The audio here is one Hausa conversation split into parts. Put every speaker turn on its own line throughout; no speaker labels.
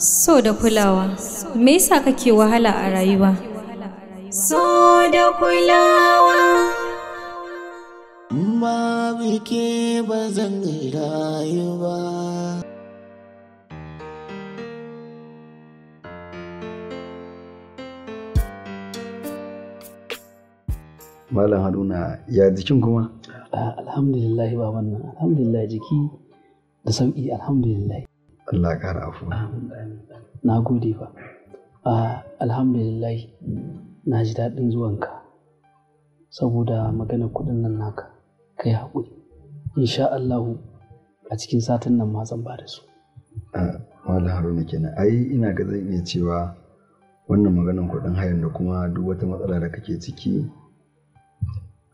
so da kulawa me yasa kake wahala a rayuwa
so da kulawa ma bike ba zan rayuwa.
Malam Haruna ya jikin kuma?
Ah, alhamdulillah ba wannan alhamdulillah jiki da sauƙi alhamdulillah.
Allah ƙara afu.
Na gode ba. Ah, alhamdulillah na ji daɗin zuwanka saboda magana kuɗin nan naka kai haƙuri. Insha Allah a cikin satin nan ma zan ba da su.
Wala ah, Haruna kenan ai ina ga zan iya cewa wannan maganar kuɗin hayan da kuma duk wata matsala da kake ciki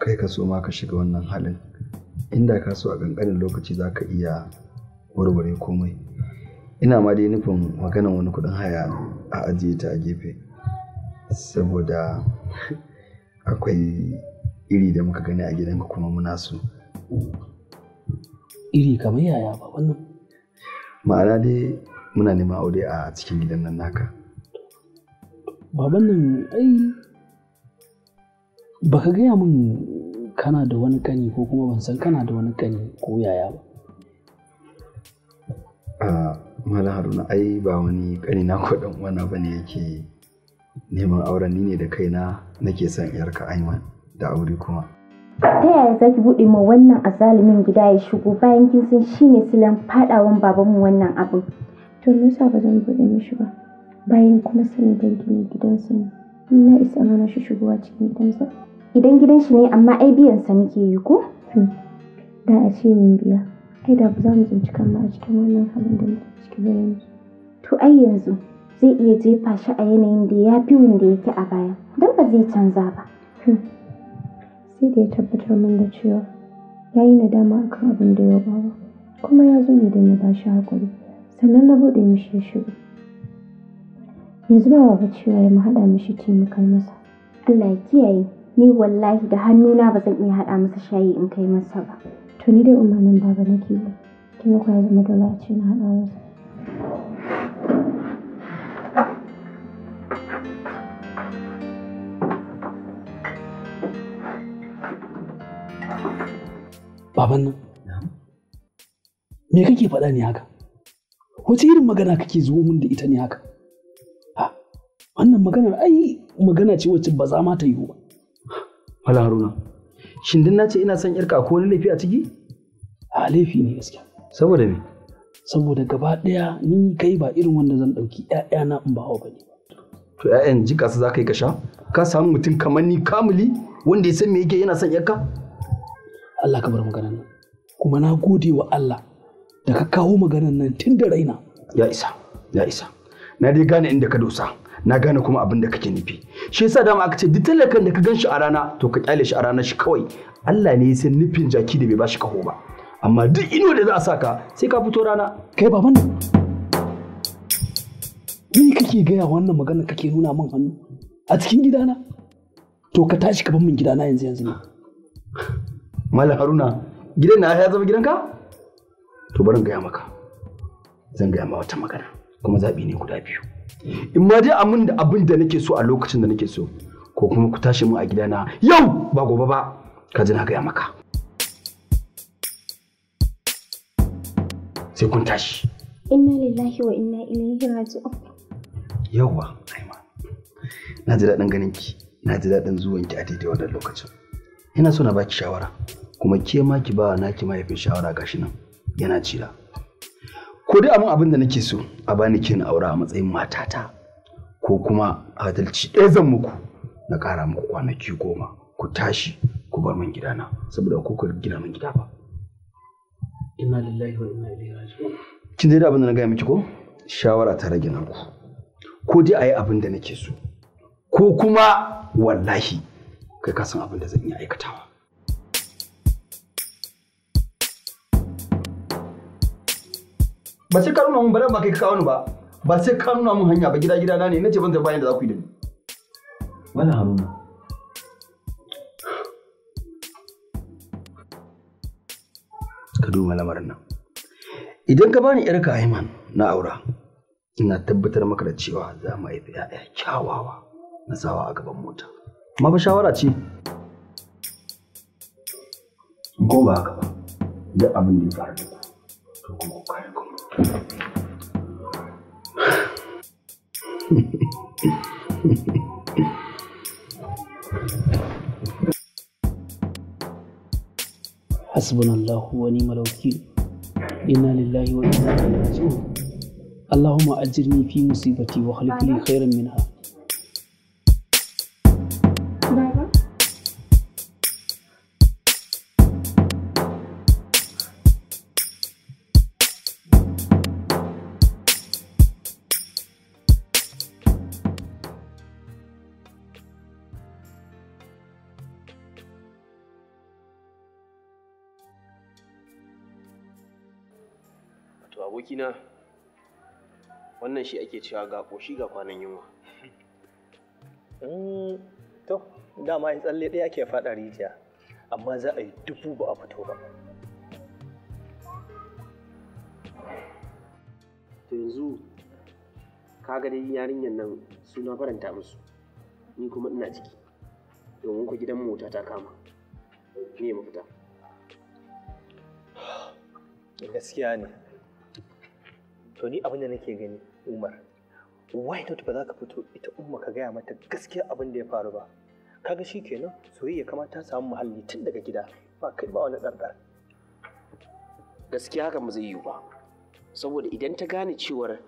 kai ka so ma ka shiga wannan halin inda ka so a ƙanƙanin lokaci za ka iya warware komai. ina ma dai nufin maganan wani kuɗin haya a ajiye ta a gefe saboda akwai iri da muka gani a gidanka kuma muna su iri kamar yaya ba wannan ma'ana dai muna neman aure a cikin gidan nan naka
baban nan ai baka gaya min kana da wani kani ko kuma ban san kana da wani kani ko yaya ba
ah, Malam Haruna ai ba wani ƙanina ko ɗan uwana ba yake neman auren ni ne da kaina nake son yarka Aiman da aure kuma.
Ta yaya za ki buɗe ma wannan azalimin gida ya shigo bayan kin san shi ne silan faɗawan babanmu wannan abin? To me yasa ba zan buɗe mishi ba? Bayan kuma sanin dangi ne gidansu ne. Na isa mana shi shigowa cikin gidansa. Idan gidan shi ne amma ai biyan sa muke yi ko? Hmm. Da a ce mun biya. ai da ba za mu tsinci ma a cikin wannan halin da muke ciki ba yanzu to ai yanzu zai iya jefa shi a yanayin da ya fi wanda yake a baya don ba zai canza ba hmm. sai da ya tabbatar min da cewa ya yi nadama akan abin da ya bawa kuma ya zo ne da ya ba shi hakuri sannan na buɗe mishi ya shigo yanzu ba ba cewa ya haɗa mishi taimakon masa Allah ya kiyaye ni wallahi da hannuna ba zan iya haɗa masa shayi in kai masa ba To ni dai umarnin baba nake bi, tun da kuwa ya zama dole a ce na haɗa
Baban nan? Me kake faɗa ne haka? Wace irin magana kake zuwa min da ita ne haka? Wannan maganar ai magana ce wacce ba za ma ta yiwu ba.
Haruna.
shin na ce ina son yarka ko wani laifi a ciki a laifi ne gaskiya saboda me saboda gaba daya ni kai
ba irin wanda zan dauki ƴaƴana in ba hawa bane to ƴaƴan jika su zaka yi ka sha ka samu mutum kamar ni kamuli wanda ya san me yake yana son yarka Allah ka bar maganar nan kuma na gode wa Allah da ka kawo maganar nan tun da raina ya isa ya isa na dai gane inda ka dosa na gane kuma abin da kake nufi shi yasa dama aka ce duk talakan da ka gan shi a rana to ka kyale shi a rana shi kawai Allah ne ya san nufin jaki da bai bashi kaho ba amma duk ino da za a saka sai ka fito rana kai baban nan
ni kake gaya wannan magana kake nuna min hannu a cikin gidana
to ka tashi ka min gidana yanzu yanzu ne Malam Haruna gidan na ya zama gidanka to barin gaya maka zan gaya ma wata magana kuma zaɓi ne guda biyu in ma dai amin da abin da nake so a lokacin da nake so ko kuma ku tashi mu a gidana yau ba gobe ba ka ji na gaya maka sai kun tashi
inna lillahi wa inna ilaihi raji'un
yawa aima na ji daɗin ganin ki na ji daɗin zuwan ki a daidai wannan lokacin ina so na baki shawara kuma ke ma ki ba na mahaifin shawara gashi nan yana cira. ko dai amin abin da nake so a bani kin aura a matsayin matata ko kuma adalci ɗaya eh zan muku na ƙara muku kwanaki goma ku tashi ku bar min gidana saboda ku ku gina min gida ba inna lillahi wa inna ilaihi raji'un kin dai abin da na gaya miki ko shawara ta rage nan ku ko dai ayi abin da nake so ko kuma wallahi kai ka san abin da zan iya aikatawa ba sai ka nuna mun ba ba kai ka kawo ni ba ba sai ka nuna mun hanya ba gida gida na ne nace ban da bayan da za ku yi da ni wala haruna ka duba lamarin nan idan ka bani yarka Aiman na aura ina tabbatar maka da cewa za mu haifi ‘ya'ya kyawawa na sawa a gaban mota amma ba shawara ce ko ba haka ba duk abin da ya faru da ku to kuma ku kare ku حسبنا
الله ونعم الوكيل إنا لله وإنا إليه راجعون اللهم أجرني في مصيبتي واخلف لي خيرا منها Ina
wannan shi ake cewa ga koshi ga kwanan yunwa mm, to dama in tsalle ɗaya ke faɗa rijiya amma za a yi dubu ba a fito ba to yanzu ka ga dai yarinyar nan suna faranta musu ni kuma ina ciki domin ku gidan mota ta kama ne mafita gaskiya ne to ni abin da nake gani umar why not ba za ka fito ita umma ka gaya mata gaskiya abin da ya faru ba kaga shi kenan soyayya kamata ta samu muhalli tun daga gida ba kai ba wani ɗarɗar gaskiya hakan ba zai yiwu ba saboda idan ta gane cewar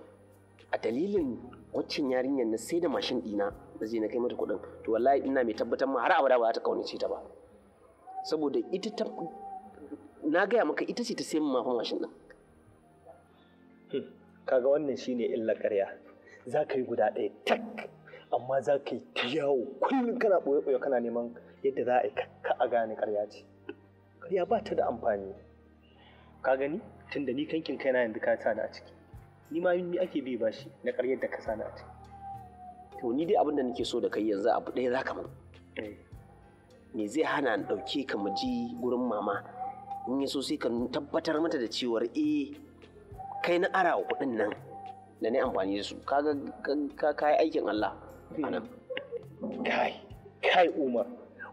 a dalilin waccan yarinyar na sai da mashin ɗina da zai na kai mata kuɗin to wallahi ina mai tabbatar ma har abada ba ta kaunace ta ba saboda ita ta na gaya maka ita ce ta sai mu mafi mashin ɗin hmm. kaga wannan shine illa ƙarya za ka yi guda ɗaya tak amma za ka yi ta yawo kullum kana ɓoye-ɓoye kana neman yadda za a yi ka a gane ƙarya ce ƙarya ba ta da amfani ka gani tun da ni kankin kaina yanzu ka sa ni a ciki ni ma ni ake bi bashi na ƙaryar da ka sa ni a ciki to ni dai abin da nake so da kai yanzu abu ɗaya za ka mun eh. me zai hana ɗauke ka mu ji gurin mama in ya so sai ka tabbatar mata da cewar eh kai na ara kuɗin nan da ne amfani da su kaga ka kai aikin Allah anan kai kai Umar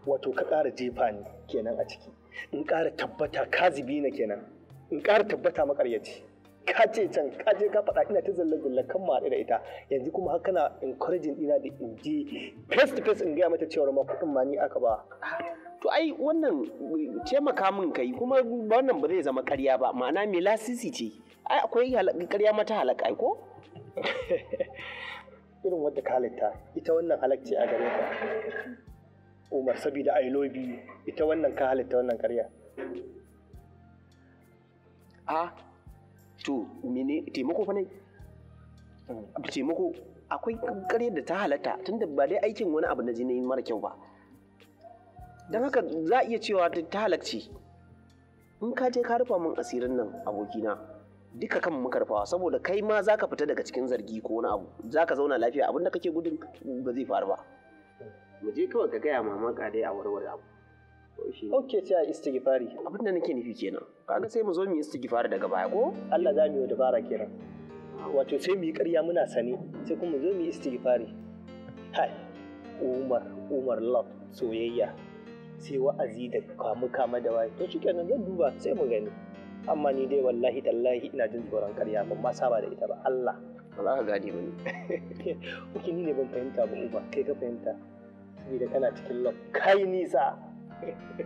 wato ka ƙara jefa ni kenan a ciki in ƙara tabbata kazibi na kenan in ƙara tabbata makaryaci ka ce can ka je ka faɗa ina ta zalla zalla kan maɗi da ita yanzu kuma haka na encouraging ina da in je face to face in gaya mata cewa ma kuɗin ma ni aka ba ah. to ai wannan taimaka min kai kuma wannan ba zai zama karya ba ma'ana mai lasisi ce ai akwai karya mata halakai, ko irin wadda ka ita wannan halakci a gare ka umar sabida ai lobi ita wannan ka halitta wannan karya a to mene taimako fa ne hmm. taimako akwai karyar da ta halatta tunda ba dai aikin wani abu na jini mara kyau ba don haka za a iya cewa ta halakci in ka je ka rufa min asirin nan abokina duka kan muka rufawa saboda kai ma za ka fita daga cikin zargi ko wani abu za ka zauna lafiya abin da kake gudun ba zai faru ba mu je kawai ka gaya maman dai a warware abu Ok, ce a istighfari. Abin da nake nufi kenan. Kaga sai mu zo mu yi istighfari daga baya ko? Allah za mu yi dabara kenan. Wato sai mu yi ƙarya muna sane, sai kuma mu zo mu yi istighfari. Hai, Umar, Umar love soyayya. sai wa'azi da kamu kama da waye to shikenan zan duba sai mu gani amma ni dai wallahi tallahi ina jin tsoron karya ban ma saba da ita ba Allah ba za ka gane ba ne kuke ni ne ban fahimta ba uba kai ka fahimta saboda kana cikin lab kai nisa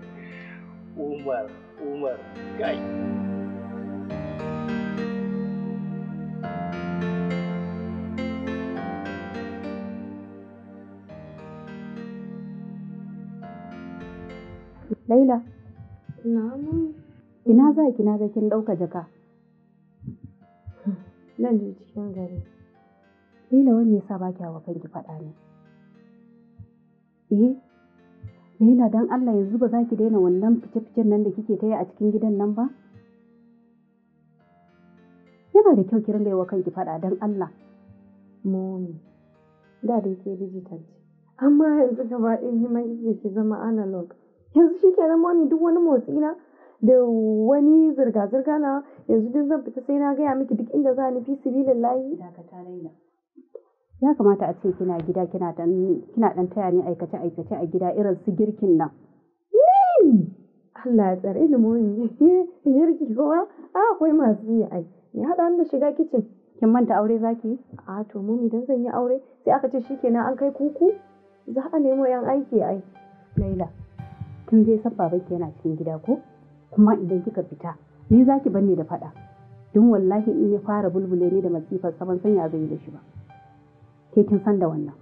Umar Umar kai
Laila. mu. Ina za ki na ga kin ɗauka jaka? Nan ne cikin gari. Laila wani yasa ba ki wa kanki faɗa ne? Eh, Laila don Allah yanzu ba za ki daina wannan fice-ficen nan da kike ta yi a cikin gidan nan ba? Yana da kyau ki ringa yi wa kanki faɗa don Allah. Momi, da dai ke digital ce. Amma yanzu gaba ɗin ma kike zama analog. yanzu shi kenan mami duk wani motsi na da wani zirga-zirga na yanzu duk zan fita sai na gaya miki duk inda za a fi sibilin layi ya kamata a ce kina gida kina dan taya ni aikace aikace a gida irin su girkin nan Allah ya tsare ni mun girki kuma a ah, akwai masu yi ai ni hada da shiga kicin kin manta aure zaki a to mummy dan zan yi aure sai aka ce shikenan an kai kuku za a nemo yan aiki ai Laila kin dai san babanki yana cikin gida ko kuma idan kika fita ni zaki banne da faɗa don wallahi in ya fara bulbule ne da masifar saban sanya zai da shi ba ke kin san da wannan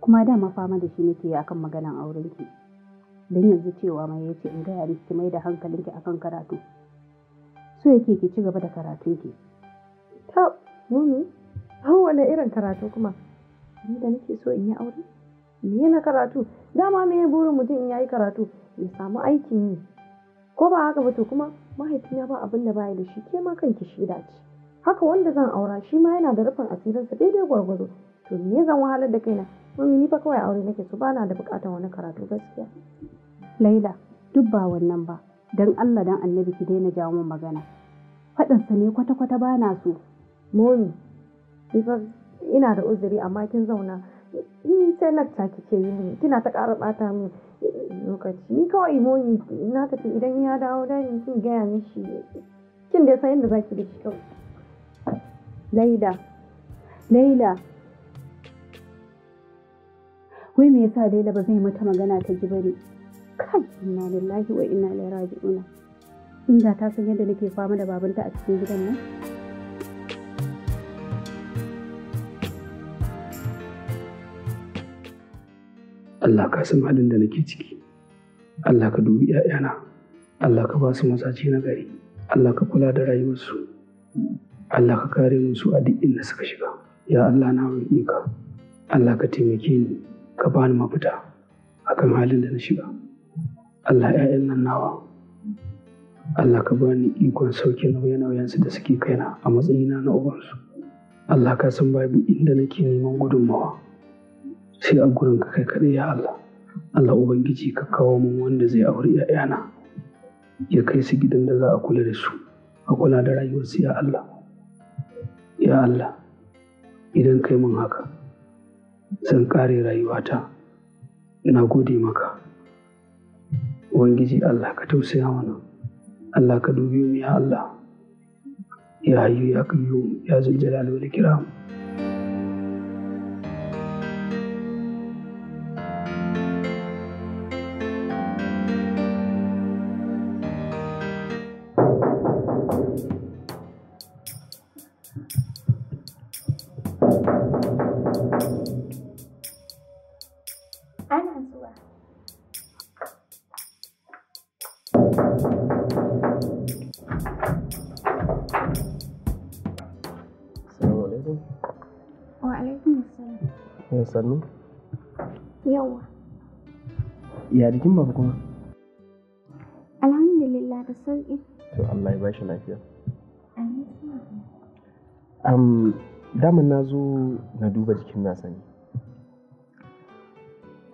kuma dama fama da shi nake yi akan maganan aurenki don yanzu cewa mai yace in gaya miki ki mai da hankalinki akan karatu so yake ki ci gaba da karatunki ta mumi wani irin karatu kuma ni da nake so in yi aure me na karatu dama me burin mutum in yayi karatu ya samu aikin yi ko ba haka ba to kuma Mahaifin ya ba abin da baya da shi ke ma kanki shida ce haka wanda zan aura shi ma yana da rufin asirin sa daidai gwargwado to me zan wahalar da kaina mami ni fa kawai aure nake so bana da bukatar wani karatu gaskiya laila duk ba wannan ba dan Allah dan annabi ki daina jawo min magana faɗinsa ne kwata-kwata bana so momi ina da uzuri amma kin zauna sai lakta kike yi ne kina ta ƙara ɓata min lokaci ni kawai moni na tafi idan ya dawo dani kin gaya mishi kin da san yadda zaki da shi kawai laila laila wai me yasa laila ba zai mata magana ta ji bane kai inna lillahi wa inna ilaihi raji'un inda ta san yadda nake fama da babanta a cikin gidan nan
Allah ka san halin da nake ciki Allah ka dubi 'ya'yana Allah ka ba su na gari Allah ka kula da rayuwarsu Allah ka kare musu a duk inda suka shiga ya Allah na roƙe ka Allah ka taimake ni ka bani mafita akan halin da na shiga Allah 'ya'yan nan nawa Allah ka bani ikon sauke nauye-nauyensu da suke kaina a matsayina na ubansu. Allah ka san babu inda nake neman gudunmawa. sai a gurin ka kai kaɗai ya Allah Allah Ubangiji ka kawo min wanda zai auri ‘ya'yana ya kai su gidan da za a kula da su a kula da rayuwarsu ya Allah ya Allah idan kai mun haka zan ƙare rayuwata na gode maka Ubangiji Allah ka tausaya mana Allah ka dubi mu ya Allah ya hayyu ya kayyum ya zuljalal da mu.
sannu yawa ya jikin babu kuma
alhamdulillah da sauƙi.
to Allah ya ba shi lafiya daman na zo na duba jikin na sani.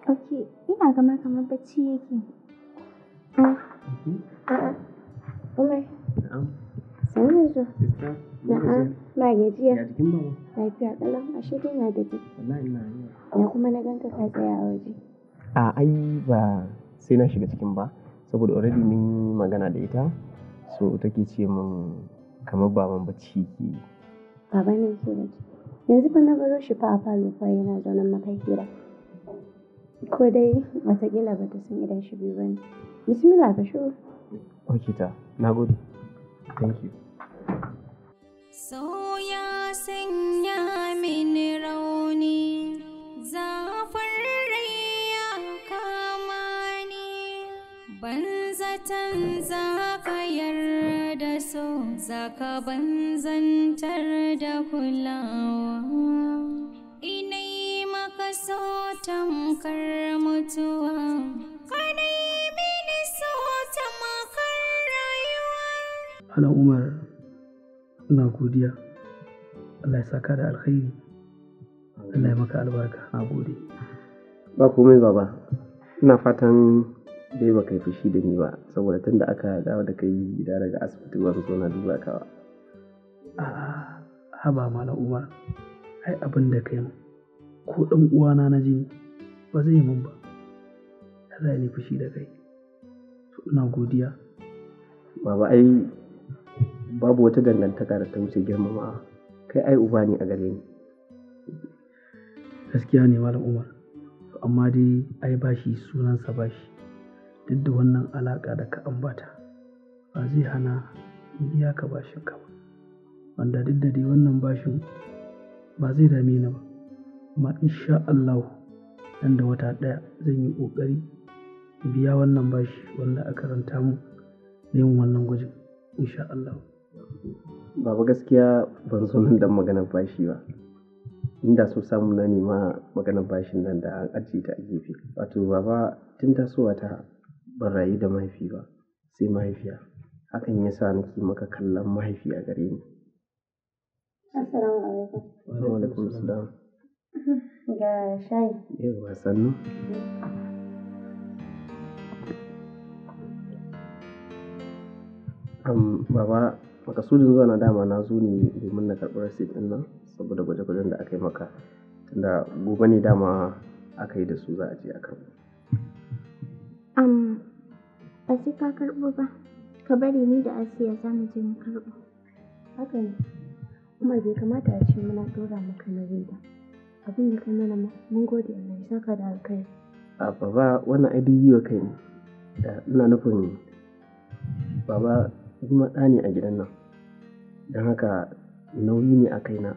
ok ina gama kamar bacci yake Umar. Na'am. Sanin zo. Na'am. Ba gajiya. Ya jikin Lafiya ƙalau ashe dai na da
Wallahi
Ya kuma na ganka ka tsaya a waje.
A ai ba sai na shiga cikin ba saboda already mun magana da ita so take ce min kamar baban bacci ke.
Baba ne ke bacci. Yanzu fa na baro shi fa a falo fa yana zaunan maka hira. Ko dai watakila ba ta san idan shi biyu ba ne. Bismillah ka shiru.
Ok ta, na gode. Thank you.
so ya sanya min rauni zafin rai ya kama ni ban zaton za ka yarda so za ka ban zantar da kulawa inai maka so tamkar mutuwa kanai mini so
rayuwa Ina godiya. Allah ya saka da alkhairi. Allah ya maka albarka. Na gode.
Ba komai baba. Ina fatan bai baka yi fushi da ni ba saboda tunda aka dawo da kai gida daga asibiti ba zo na duba ka ba.
A'a, haba mala Umar. Ai abin da kai ko dan uwana na jini ba zai mun ba. Allah ya yi fushi da kai. Ina godiya.
Baba ai babu wata dangantaka da ta wuce girmama kai ai uba ne a gare
ni gaskiya ne malam umar amma dai ai ba shi sunansa ba shi, duk da wannan alaƙa da ka ambata ba zai hana biya ka bashin ka ba wanda duk da dai wannan bashin ba zai dame ni ba amma insha Allah nan da wata ɗaya zan yi ƙoƙari biya wannan bashi wanda aka ranta mu yin wannan gwajin insha Allah
Baba gaskiya ban so nan dan maganar bashi ba. Inda so samu na nema maganar bashin nan da an ajiye ta a gefe. Wato baba tun tasowa ta ban rayu da mahaifi ba sai mahaifiya. Hakan ya sa nake maka kallon mahaifi a gare ni.
Assalamu
alaikum. Wa alaikum
Ga shayi.
Yauwa sannu. baba Makasudin zuwa na dama na zo ne domin na karɓi receipt ɗin nan saboda gwaje-gwajen da aka yi maka. Tunda gobe ne dama aka yi da su za a je a karɓo.
Am, ba sai ka karɓo ba. Ka bari ni da Asiya za mu je mu karɓo. Haka ne. Kuma bai kamata a ce muna ɗora maka na nauyi ba. Abin da ka mana ma mun gode Allah ya saka da alkhairi.
A
baba wannan ai duk yi wa kai ne. Ina nufin baba kuma ɗa ne a gidan nan don haka nauyi ne a kaina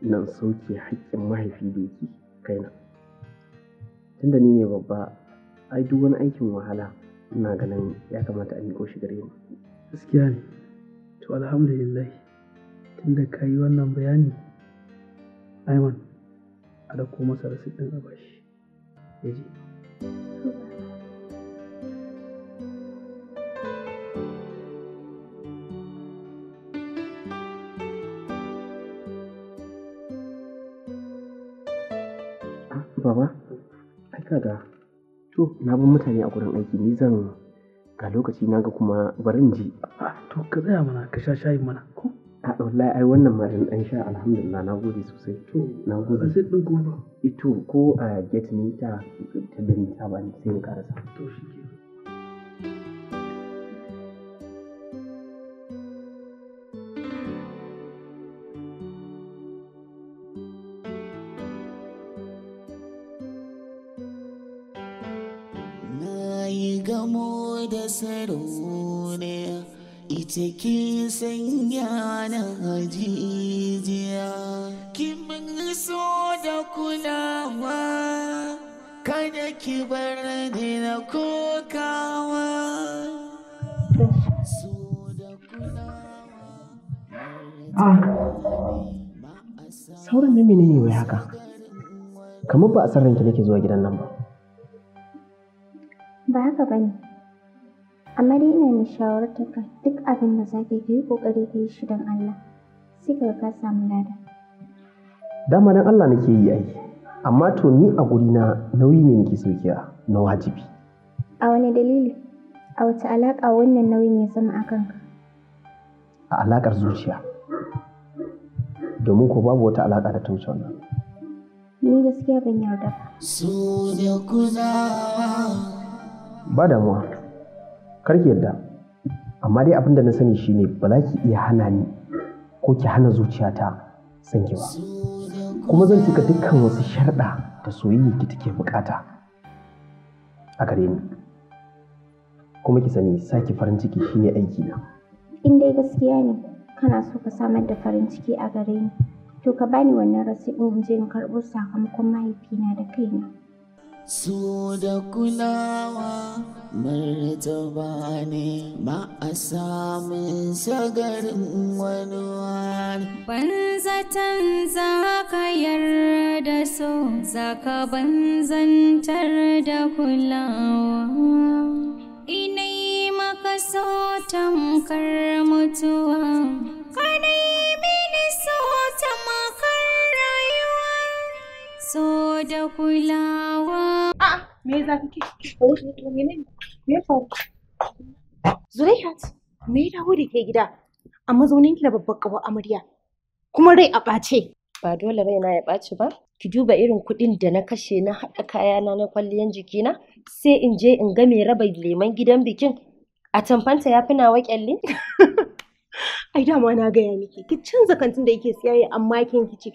nan sauke haƙƙin mahaifi da yake kaina tunda ni ne babba ai duk wani aikin wahala ina ganin ya kamata a miƙo shi gare ni
gaskiya ne to alhamdulillah tunda ka yi wannan bayani aiman a da masa rasit ɗin a bashi ya je
kaga to na bin mutane a gurin aiki ni zan ga lokaci na ga kuma barin ji to ka tsaya mana ka sha shayin mana ko a wallahi ai wannan ma in dan sha alhamdulillah na gode sosai to na gode sai din ko ito ko a get ni ta ta
dan ta ni sai in karasa to shikenan
gamo da sarauniya ita ke sanya na hajijiya kimin so da kulawa kada ki
bar ni na kokawa ah,
sauran na ne wai haka kamar ba a san ranki nake zuwa gidan nan ba
ba haka ba ne amma dai ina mai shawartar ka duk abin da za ka yi kai ka yi shi don Allah sai ka ka samu lada
dama dan Allah nake yi ai amma to ni a guri na nauyi ne nake saukiya na wajibi
a wani dalili a wace alaka wannan nauyin ya zama a ka?
a alaƙar zuciya domin ko babu wata alaka da ta
ni gaskiya ban yarda ba. So da kuzawa
ba damuwa kar ki yarda, amma dai abin da na sani shine ba za ki iya hana ni ko ki hana zuciyata ta ki ba kuma zan cika dukkan wasu sharɗa da soyayya ki take bukata a gare ni kuma ki sani saki farin ciki shine aiki na
in dai gaskiya ne kana so ka samar da farin ciki a gare ni to ka bani wannan rasi in je in karɓo sakamakon mahaifina da kaina su da kulawa martaba ne ba a samun sagarin wani wani banzatan za ka yarda so za ka banzantar da kulawa inai maka so tamkar mutuwa kanai so da kulawa. A'a,
me za ka ke?
Me ya faru? me da dawo ke gida? A mazaunin ki da babbar ƙawar amarya. Kuma rai a bace Ba dole rai na ya bace ba. Ki duba irin kuɗin da na kashe na haɗa kaya na kwalliyan jiki na Sai in je in ga me raba leman gidan bikin. A tamfanta ya fi nawa ƙyalli. Ai dama na gaya miki, ki canza kantin da yake siyayya amma kin kici.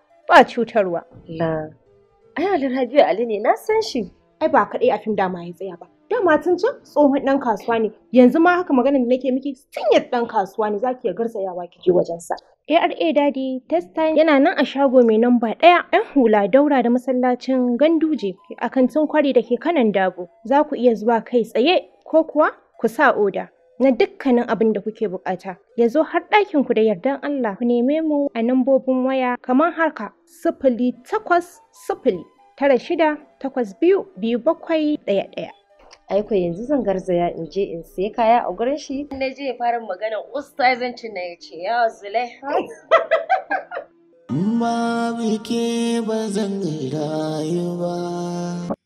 ba cutarwa. na. Eh. Ai Alhaji Ali ne na san shi. Ai ba kaɗai a fim dama ya tsaya ba. Dama tun can tsohon ɗan kasuwa ne. Yanzu ma haka magana da nake miki yi ɗan kasuwa ne zaki ya garzayawa kike wajen sa. ARA Daddy test time yana nan a shago mai namba ɗaya ‘yan hula daura da masallacin ganduje a kantin kwari da ke kanan dabo. Za ku iya zuwa kai tsaye ko kuwa ku sa oda. na dukkanin abin da kuke bukata. Ya zo har ɗakin ku da yardan Allah ku neme mu a nambobin waya kamar haka sifili takwas sifili tara shida takwas biyu biyu bakwai ɗaya ɗaya. aiko yanzu zan garzaya in je in sai kaya a gurin shi. Na je fara magana ustazanci na ya ce ya zule.
Ma bike ba zan rayu ba.